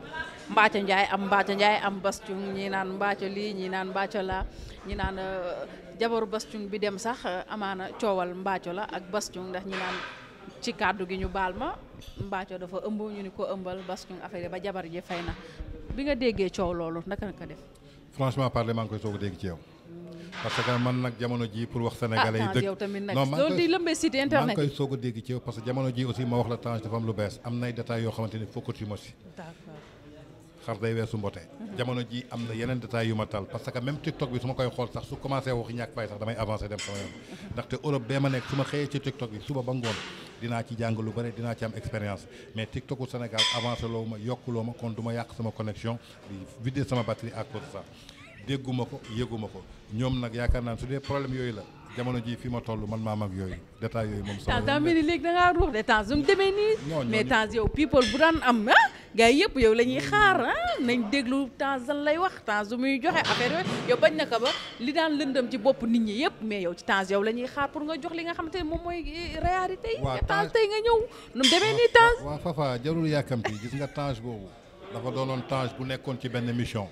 A: Mbathio Ndiaye am Mbathio Ndiaye am Bass Thioung naan Mbathio lii ñii naan Mbathio la ñi naan jabaru Bass Thioung bi dem sax amaana coowal Mbathio la ak Bass Thioung ndax ñi naan ci kaddu gi ñu baal ma Mbathio dafa ëmb ñu ni ko ëmbal Bass affaire ba jabar ji fay na bi nga déggee coow loolu naka nga ko def.
B: franchement parler maa ngi koy soog a dégg ci yow. parce que man nag jamono ji pour wax sénégalais yi. dëgg yow loolu di lëmbee site internet maa a dégg parce que jamono ji aussi ma wax la Tange dafa am lu bees am nay détails yoo xamante ni fokkatuma si. xar day weesu mbote jamono ji am na yeneen détails yu ma tal parce que même TikTok bi su ma koy xool sax su commencé wax ñàkk fay sax damay avancé dem sama yoon ndaxte Europe bee ma nekk su ma xëyee ci TikTok bi suba ba ngoon dinaa ci jàng lu bëri dinaa ci am expérience mais TikTok u Sénégal avancé loo ma yokkuloo ma kon du ma yàq sama connexion di vider sama batterie ak cause de ça dégguma ko yëguma ko ñoom nag yaakaar naa su dee problème yooyu la jamono ji fi ma toll man maa mag yooyu détails yooyu moom. temps temps mel ni
A: léegi da ngaa ruux de temps su demee nii. mais yow people bu daan am ah. gars yi yëpp yow la ñuy xaar ah nañ déglu temps lan lay wax temps su muy joxe affaire yooyu yow bañ na ba li daan lëndëm ci bopp nit ñi yëpp mais yow ci temps yow la ñuy xaar pour nga jox li nga xam ne moom mooy eh, réalité yi. waaw temps tey nga ñëw nu mu demee nii temps.
B: waaw Fafa jarul yàkkamti gis nga temps boobu dafa doonoon temps bu nekkoon ci benn mission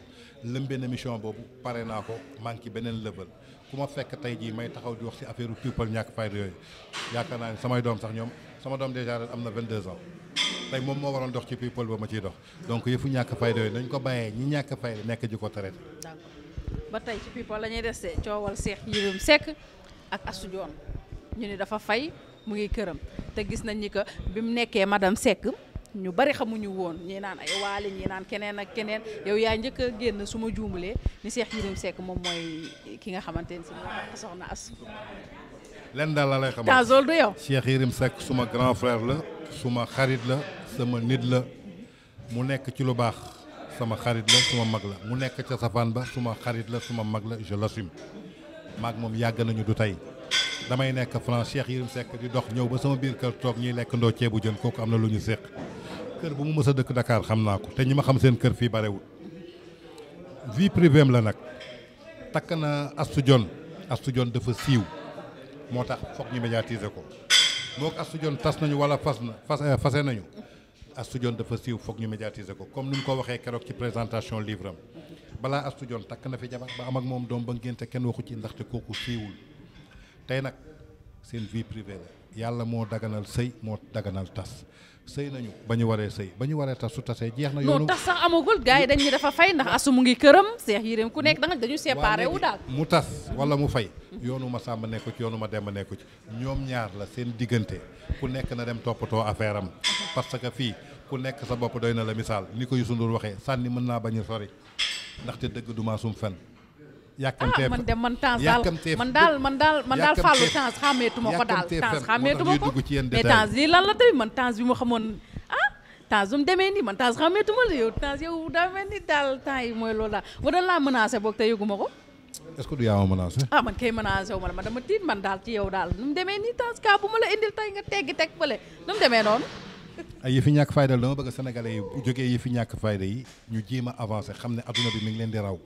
B: lëmbeen mission boobu pare naa ko manqué beneen level. ku ma fekk tey jii may taxaw di wax ci affaire people ñàkk fayda yooyu yaakaar naa ne samay doom sax ñoom sama doom déjà ren am na 22 ans tey moom moo waroon dox ci people ba ma ciy dox donc yëfu ñàkk fayda yooyu nañ ko bàyyee ñi ñàkk fayda nekk ji ko traité.
A: ba tey ci people la ñuy desee coowal Cheikh Yérim Seck ak Astou ñu ne dafa fay mu ngi këram te gis nañ ni que bi mu nekkee madame sekk ñu bari xamuñu woon ñi naan ay waale naan keneen ak keneen yow yaa njëkk a génn su ma juumulee ni Cheikh Yérim Seck moom mooy ki nga xamante ne si moo soxna as
B: lenn daal la lay xamal tazool du yow Cheikh Yérim Seck suma grand frère la suma xarit la sama nit la mu nekk ci lu baax sama xarit la suma mag la mu nekk ca safaan ba suma xarit la suma mag la je maak moom yàgg nañu du tey damay nekk France Cheikh Yérim Seck di dox ñëw ba sama biir kër toog ñuy lekk ndoo ceebu jën kooku am na lu ñu séq kër bu mu mës a dëkk Dakar xam naa ko te ñu ma xam seen kër fii barewul vie privée la nag takk na Astou Dione Astou Dione dafa siiw moo tax foog ñu médiatiser ko moo ko Astou Dione tas nañu wala fas na fas eh, fase nañu Astou Dione dafa siiw foog ñu médiatiser ko comme ni mu ko waxee keroog ci présentation livre am balaa Astou takk na fi jabar ba am ak moom doom ba ngénte kenn waxu ci ndaxte kooku siiwul tey nag seen vie privée la yàlla moo daganal sëy moo daganal tas sëy nañu ba ñu waree sëy ba ñu waree tas su tasee jeex na. yoonu non tax
A: sax amagul gars dañ ñu dafa fay ndax asu mu ngi këram. seex yéreem ku nekk danga dañu mu tas wala mu
B: fay. yoonu ma sàmba nekku ci yoonu ma demba nekku ci ñoom ñaar la seen diggante ku nekk na dem toppatoo affaire am parce que fii ku nekk sa bopp doy na la misaal ni ko Youssou Ndour waxee sànni mën naa bañ a sori ndaxte dëgg du maasum fen yàkkamtee ah, man de man temps daal man daal man daal man daal fàllu temps
A: xàmmeetu ma ko daal temps xàmmeetu mais temps lii lan la tamit man temps bi ma xamoon ah temps su demee nii man temps xàmmeetu ma la yow temps yow daa mel daal temps yi mooy lool daal wa dañ laa menacé boog te yëgu ma ko
B: est-ce que du yaa ma menacé
A: ah man kay menacé wu la man dama tiit man daal ci yow daal nu mu demee nii temps ka bu ma la indil tey nga teggi teg bële nu mu demee noonu
B: ay yëfi ñàkk fayda la dama bëgg sénégalais yi bu jógee yëfi ñàkk fayda yi ñu jéem a avancé xam ne adduna bi mi ngi leen di raw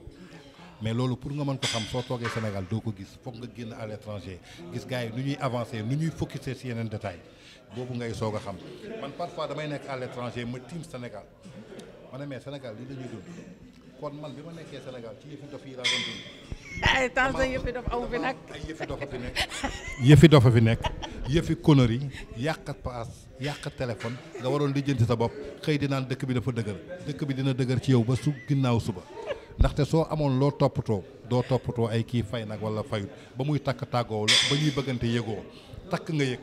B: mais loolu pour nga mën ko xam soo toogee Sénégal doo ko gis foog nga génn à l'étranger gis gaa yi nu ñuy avancer nu ñuy focuser ci yeneen détail boobu ngay soog a xam man parfois damay nekk à l'étranger ma tiim Sénégal ma ne mais Sénégal lii la dund kon man bi ma nekkee Sénégal ci yëfi dof yi laa doon dund. Eh, ay yëfi dof fi a fi nekk. yëfi dof a fi nekk yàq paas yàq téléphone nga waroon lijjanti sa bopp xëy di naan dëkk bi dafa dëgër dëkk bi dina dëgër ci yow ba su ginnaaw suba. ndaxte soo amoon loo toppatoo doo toppatoo ay kii fay nag wala fayut ba muy takk tàggoo ba ñuy bëggante yëgoo takk nga yëg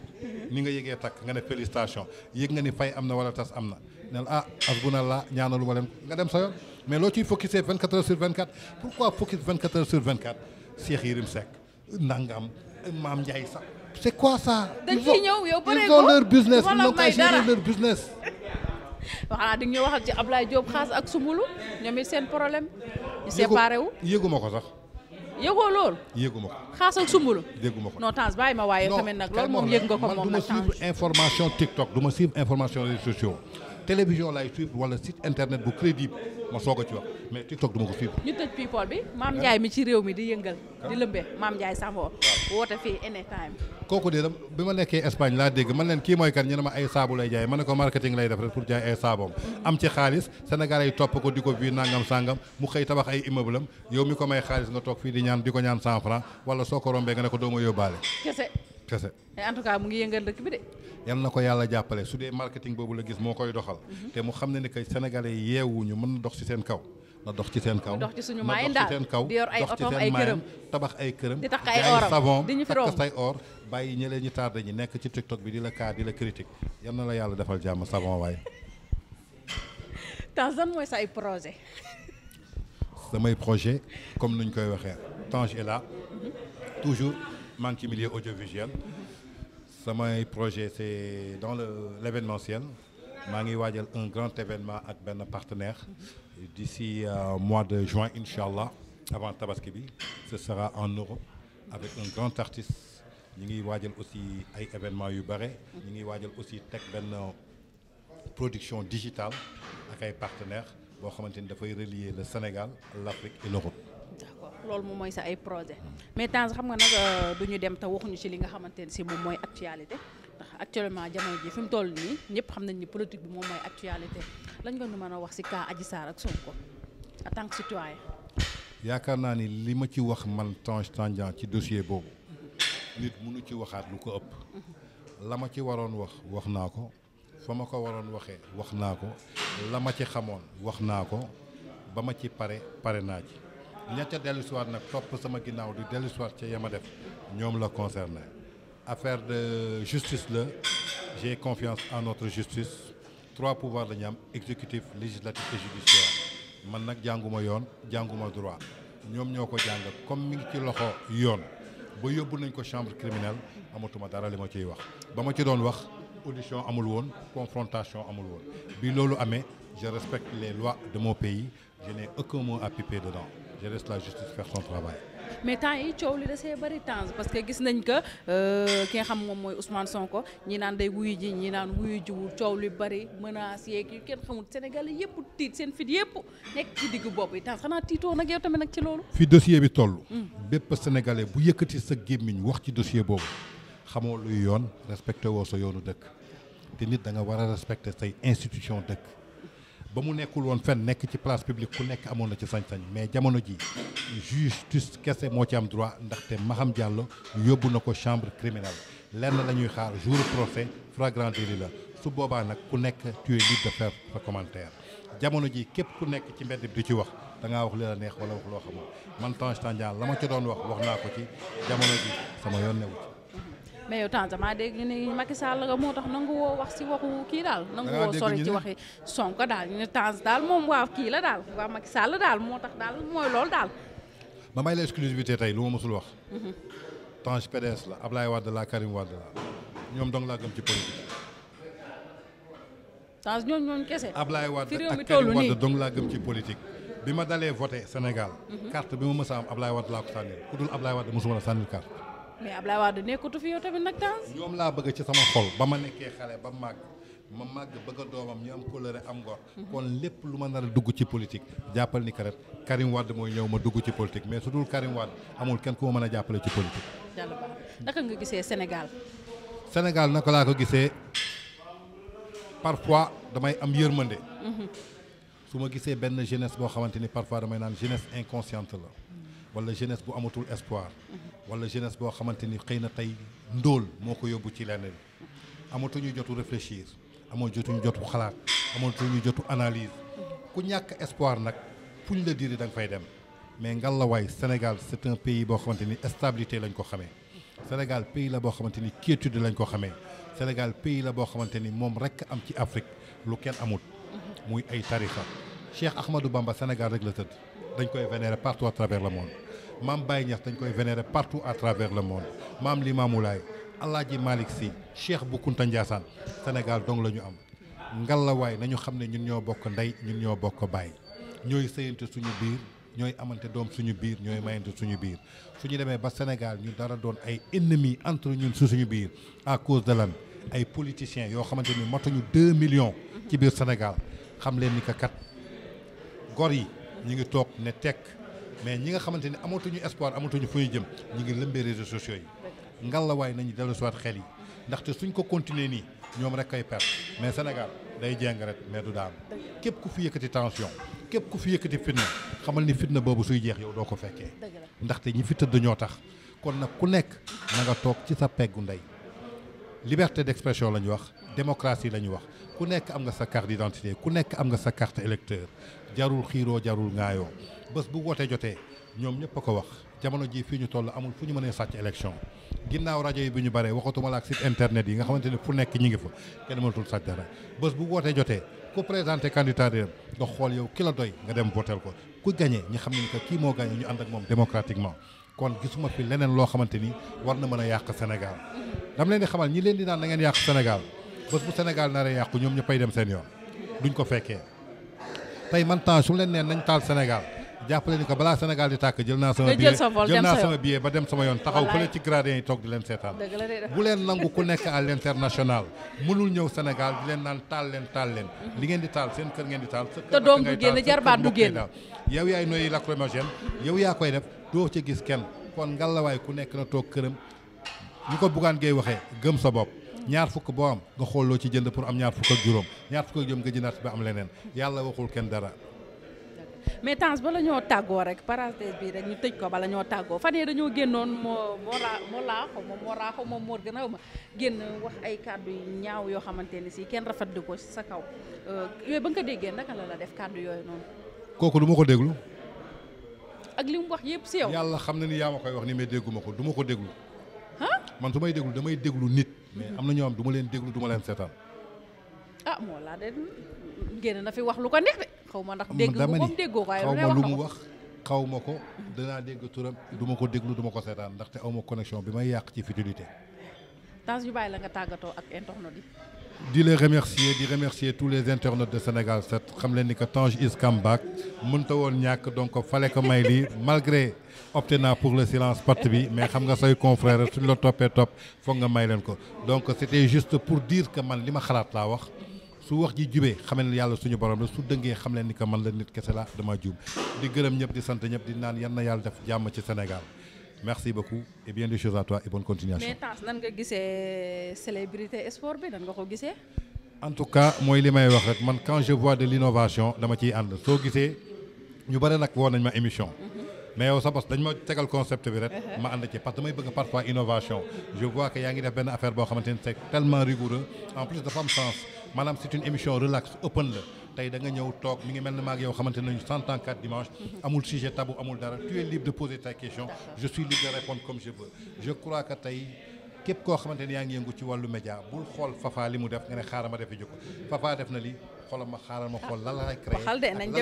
B: ni nga yëgee takk nga ne félicitation yëg nga ni fay am na wala tas am na nel ah asbunallah ñaanalu ma leen nga dem sa yoon mais loo ciy focusé 24 heures sur 24 pourquoi focus 24 heures sur 24 Cheikh Yérim Seck nangam maam Ndiaye sax c'est quoi ça. dañ ñëw yow bëree ko ils ont leur business. ils ont leur business.
A: waxanaa di nga ñu waxal ci ab Ablaye Diop xaas ak Sumbulu ñoom it seen problème. ñu séparé wu
B: yëguma ko sax. yëgoo loolu. yëguma ko
A: xaas ak Sumbulu. yëguma ko bàyyi ma waaye tamit nag. loolu moom yëg nga ko moom nag Tange man du ma
B: suivre information TikTok du ma suivre information réseaux sociaux télévision laay suivre wala sit internet bu crédible. ma soog ko ci wax mais TikTok du ma ko suivre.
A: ñu tëj people bi Mame Ndiaye mi ci réew mi di yëngal. di lëmbee Mame Ndiaye Savon. woote fii anytime.
B: kooku de bi ma nekkee Espagne laa dégg man leen kii mooy kan ñu ne ma ay saabu lay jaay ma ne ko marketing lay def rek pour jaay ay saaboom mm-hmm. am ci xaalis Sénégalais yi topp ko di ko fii nangam sangam mu xëy tabax ay immeuble am yow mi ko may xaalis nga toog fii di ñaan di ko ñaan cent franc wala soo ko rombee nga ko doo ma kese
A: eh, en tout cas mu ngi yëngal dëkk bi de.
B: yal na ko yàlla jàppale su dee marketing boobu la gis moo koy doxal. Mhm. te mu xam ne ni que sénégalais yeewuñu mën na dox ci seen kaw. na dox ci seen kaw dox ci suñu maay daal di yor ay otoom ay këram tabax ay këram di takk ay oram savon di ñu fi romb takk say or bàyyi ñëlee ñu tardé ñi nekk ci tiktok bi di la kaa di la critique yal na la yàlla defal jàmm savon waaye
A: temps lan mooy say projet
B: samay projet comme nuñ koy waxee Tange est là mhm. toujours maa ngi ci milieu audiovisuel samay projet c'est dans le l'événementiel maa ngi waajal un grand événement ak benn partenaire d'ici euh, mois de juin incha allah avant tabaski bi ce sera en Europe avec un grand artiste ñu ngi waajal aussi ay événements yu bare ñu ngi waajal aussi teg benn production digitale ak ay partenaires boo xamante ni dafay relier le Sénégal l'Afrique et l'Europe
A: d'accord loolu moom mooy sax ay projet mais temps xam nga nag euh, du ñu dem te waxuñu ci li nga xamante ne si moom mooy actualité ndax actuellement jamono ji fi toll nii ñëpp xam nañ ni politique bi moom mooy actualité lañ nga nu mën a wax si cas Adji Sarr ak Sonko en tant que citoyen
B: yaakaar naa ni li ma ci wax man Tange Tandian ci dossier boobu nit mënu ci waxaat lu ko ëpp la ma ci waroon wax wax naa ko fa ma ko waroon waxee wax naa ko la ma ci xamoon wax naa ko ba ma ci pare pare naa ci ña ca dellusiwaat nag topp sama ginnaaw di dellusiwaat ca yema def ñoom la concerné affaire de justice la j'ai confiance en notre justice trois pouvoirs la ñu am exécutif législatif et judiciaire man nag jànguma yoon jànguma droit ñoom ñoo ko jàng comme mi ngi ci loxo yoon ba yóbbu nañ ko chambre criminelle amatuma dara li ma ciy wax ba ma ci doon wax audition amul woon confrontation amul woon bi loolu amee je respecte les lois de mon pays je n'ai aucun je laisse la justice faire son travail.
A: mais temps yi coow li da see bëri temps parce que gis nañ que euh, ki xam moom mooy Ousmane Sonko ñi naan day wuyu ji ñi naan wuyu jiwul coow li bëri menaces yeeg yu kenn xamul Sénégal yëpp tiit seen fit yëpp nekk ci diggu bopp yi xanaa tiitoo nag yow tamit nag ci loolu.
B: fi dossier bi toll. Hmm. bépp sénégalais bu yëkkati sa gémmiñ wax ci dossier boobu xamoo luy yoon respecté woo sa yoonu dëkk te nit da nga war a respecté say institution dëkk. ba mu nekkul woon fenn nekk ci place publique ku nekk amoon na ci sañ-sañ mais jamono ji justice kese moo ci am droit ndaxte Maham Diallo yóbbu na ko chambre criminelle lenn la ñuy xaar jour procès flagrant délit la su boobaa nag ku nekk tu es de faire sa commentaire jamono ji képp ku nekk ci mbedd bi du ci wax da ngaa wax li la neex wala wax loo xamoon man Tange Tandian la ma ci doon wax wax naa ko ci jamono ji sama yoon newu ci
A: mais yow temps damaa dégg ñu ne Macky moo tax nangu wax si waxu kii daal nangu woo ci waxi Sonko daal temps daal moom waaw kii la daal waaw Macky Sall daal moo tax daal mooy loolu daal
B: ma may la exclusivité tey lu ma mosul wax mhm. Tange PDS la Ablaye Wade la Karim Wade la ñoom dong laa gëm ci politique
A: Tange ñoom ñoom kese Ablaye
B: Wade ak Karim Wade dong laa gëm ci politique bi ma dalee voté Sénégal mhm. carte bi ma mës a am Ablaye Wade laa ko sànnil ku
A: mais Ablaye Wade nekkatu fi yow
B: tamit nag temps. ñoom laa bëgg ci sama xol ba ma nekkee xale ba màgg ma màgg bëgg a doomam ñu am kóllëre am ngor. Mhm. kon lépp lu ma nar a dugg ci politique jàppal ni que ren Karim Wade mooy ñëw ma dugg ci politique mais su dul Karim Wade amul kenn ku ma mën a jàppale ci politique.
A: naka nga gisee Sénégal.
B: Sénégal naka laa ko gisee parfois damay am yërmande. Mhm. su ma gisee benn jeunesse boo xamante ni parfois damay naan jeunesse inconsciente la. wala jeunesse bu amatul espoir wala jeunesse boo xamante ni xëy na tey ndóol moo ko yóbbu ci leneen amatuñu jotu réfléchir amoo jotuñu jotu xalaat amatuñu jotu analyse ku ñàkk espoir nag fuñ la diri da nga fay dem mais la waaye c'est un pays boo xamante ni stabilité lañ ko xamee Sénégal pays la boo xamante ni quiétude lañ ko xamee Sénégal pays la boo xamante ni moom rek am ci Afrique lu kenn amut muy ay tarixa Cheikh Ahmadou Bamba Sénégal rek la tëdd dañ koy vénérer partout à travers le maam Baye Niass dañ koy vénérer partout à travers le monde maam Limamou Laye Alaaji Malick Sy Cheikh Bou Kounta Ndiassane Sénégal dong la ñu am ngalawaay nañu xam ne ñun ñoo bokk ndey ñun ñoo bokk baay ñooy sëyante suñu biir ñooy amante doom suñu biir ñooy mayante suñu biir ñu demee ba Sénégal ñu dara doon ay ennemis entre ñun su suñu biir à cause de lan ay politiciens yoo xamante ni matuñu deux millions ci biir Sénégal xam leen ni gor yi ñu ngi toog mais ñi nga xamante ni amatuñu espoir amatuñu fooy jëm ñu ngi lëmbee réseaux sociaux yi ngalawaay nañu dellu siwaat xel yi ndaxte suñ ko continuer nii ñoom rek ay perte mais Sénégal day jeng rek mais du daanu képp ku fi yëkkati tension képp ku fi yëkkati fitna xamal ni fitna boobu suy jeex yow doo ko fekkee ndaxte ñi fi tëdd ñoo tax kon nag ku nekk na nga toog ci sa peggu ndey liberté d'expression la ñu wax démocratie la ñu wax ku nekk am nga sa carte d'identité ku nga sa carte électeur jarul xiiroo jarul ngaayoo bés bu wootee jotee ñoom ñëpp a ko wax jamono ji fii ñu toll amul fu ñu mënee sàcc élection ginnaaw rajo yi bi ñu baree waxatuma la ak site internet yi nga xamante ne fu nekk ñi ngi fa kenn mënatul sàcc dara bés bu wootee jotee ku présenté candidat dem nga xool yow ki la doy nga dem votel ko ku gagné ñi xam ne que kii moo gagné ñu ànd ak moom démocratiquement kon gisuma fi leneen loo xamante ni war na mën a yàq Sénégal dama leen di xamal ñi leen di naan da ngeen yàq Sénégal bés Sénégal naree yàqu ñoom ñëppay dem seen yoon ko fekkee tey man temps su leen neen nañ taal Sénégal jàppale ni ko balaa Sénégal di tàkk jël naa sama billet naa sama ba dem sama yoon taxaw fële ci gradin yi toog di leen seetaan bu leen nangu ku nekk à l'international mënul ñëw Sénégal di leen naan taal leen taal leen li ngeen di taal seen kër ngeen di taal sa kër doom du génn jarbaat du génn yow yaay noyyi lacrymogène yow yaa koy def doo ca gis kenn kon ngalawaay ku nekk na toog këram ñu ko buggaan ngay waxee gëm sa bopp ñaar fukk boo am nga xooloo ci jënd pour am ñaar fukk ak juróom ñaar fukk ak juróom nga jëndaat ba am leneen yàlla waxul kenn dara.
A: mais temps bala ñoo tàggoo rek parenthèse bi rek ñu tëj ko bala ñoo tàggoo fan yii dañoo génnoon moo moo raa moo laaxu moo raaxu génn wax ay kàddu yu ñaaw yoo xamante ne si kenn rafet rafetlu ko sa kaw euh, yooyu ba nga ko déggee naka la la def kàddu yooyu noonu.
B: kooku du ko déglu.
A: ak li mu wax yëpp si yow. yàlla xam
B: na ni yaa ma koy wax ni mais déggu ko du ko déglu. su may déglu damay déglu nit. mais am na ñoo am du leen déglu duma leen seetaan.
A: ah moo laa de génn na fi wax lu ko neex de. xaw ma ndax dégg nga moom déggoo waaye xaw ma lu mu wax.
B: xaw ma ko danaa dégg turam du ma ko déglu duma ma ko seetaan ndaxte aw ma connexion bi may yàq ci futilité.
A: temps yu bàyyi la nga tàggatoo ak internet yi.
B: di les remercier di remercier tous les internautes de Sénégal 7 xam leen ni que Tange is come back mënta woon ñàkk donc fallait ko may lii malgré opté naa pour le silence patt bi mais xam nga say confrères suñu la toppee topp foog nga may leen ko donc c'était juste pour dire que man li ma xalaat laa wax su wax ji jubee xam leen yàlla suñu borom la su dëngee xam leen ni que man la nit kese la dama jub di gërëm ñëpp di sant ñëpp di naan yan na yàlla def jàmm ci Sénégal merci beaucoup et bien des choses à toi et bonne mais
A: Tange nan nga gisee célébrité sport bi nan nga ko gisee.
B: en tout cas mooy li may wax rek man quand je vois de l'innovation dama ciy ànd soo gisee ñu bare nag woo nañ ma émission. Mhm. mais yow sa bopp dañ ma tegal concept bi rek. Uh-huh. ma ànd ci parce que damay bëgg parfois innovation. je vois que yaa ngi def benn affaire boo xamante ni c'est tellement rigoureux en plus dafa am sens maanaam c'est une émission relax open la. tey da nga ñëw toog mi ngi mel ne maag yow xamante nañu cent ans quatre dimanche mhm. amul sujet tabou amul dara tu es libre de poser ta question je suis libre de répondre comme je veux je crois que tey képp koo xamante ne yaa ngi yëngu ci wàllu média bul xool Fafa li mu def nga ne xaaral ma defi jukko Fafa def na li xoolal ma xaaral ma xool lan laay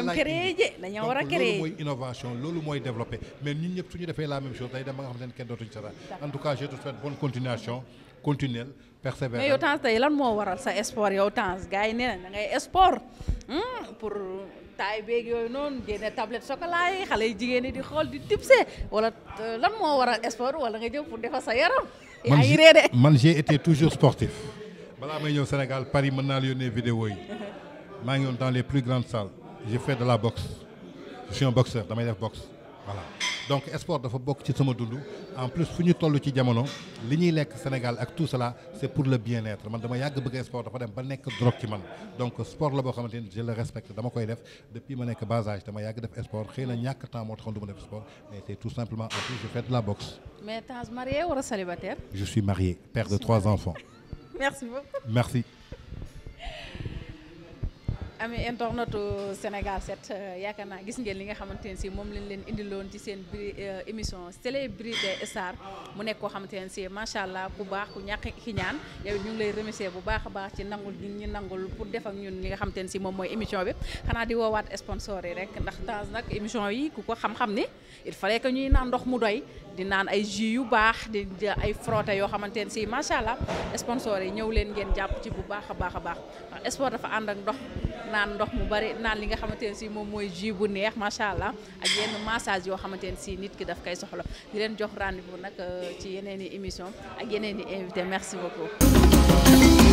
A: a créé loolu mooy
B: innovation loolu mooy développé mais ñun ñëpp suñu defee la même chose day dem nga xamante en tout cas je te souhaite continuer persévérer mais yow
A: Tange tey lan moo waral sa sport yow Tange gars yi nee na da ngay sport hmm, pour taay beeg yooyu noonu génne tablette chocolat yi xale yi jigéen ñi di xool di tipse wala euh, lan moo waral sport wala nga jëm pour defar sa yaram. yaa ngi ree de
B: man j'ai été toujours sportif balaa may ñëw Sénégal Paris mën naa la yónnee vidéo yi maa ngi woon dans les plus grandes salles j'ai fait de la boxe je boxeur damay def boxe donc sport dafa bokk ci sama dund en plus fu ñu toll ci jamono li ñuy lekk Sénégal ak tout cela c' pour le bien être man dama yàgg bëgg sport dafa dem ba nekk drogue ci man donc sport la boo xamante ni je le respecte dama koy def depuis ma nekk bas âge dama yàgg def sport xëy na ñàkk temps moo taxoon du ma def sport mais c' est tout simplement en plus je fais de la boxe.
A: mais marié wala célibataire.
B: je suis marié père de trois enfants. merci beaucoup
A: ami internetu Sénégal set euh, yaakaar naa gis ngeen li nga xamante ne si moom lañ leen indiloon ci seen biir euh, émission célébrité star mu nekk koo xamante ne si macha allah ku baax ku ñàkk ki ñaan yow ñu ngi lay remercier bu baax a baax ci nangul gi ñu nangul pour def ak ñun li nga xamante ne si moom mooy émission bi xanaa di woowaat sponsor yi rek ndax temps nag émission yi ku ko xam-xam ni il fallait que ñuy naa ndox mu doy di naan ay jus yu baax di ay frotté yoo xamante ne si macha allah sponsor yi ñëw leen ngeen jàpp ci bu baax a baax a baax ndax sport dafa ànd ak ndox naan ndox mu bari naan li nga xamante ne si moom mooy jus bu neex macha allah ak yenn massage yoo xamante ne si nit ki daf koy soxla di leen jox rendez-vous nag euh, ci yeneen i émission ak yeneen i invité merci beaucoup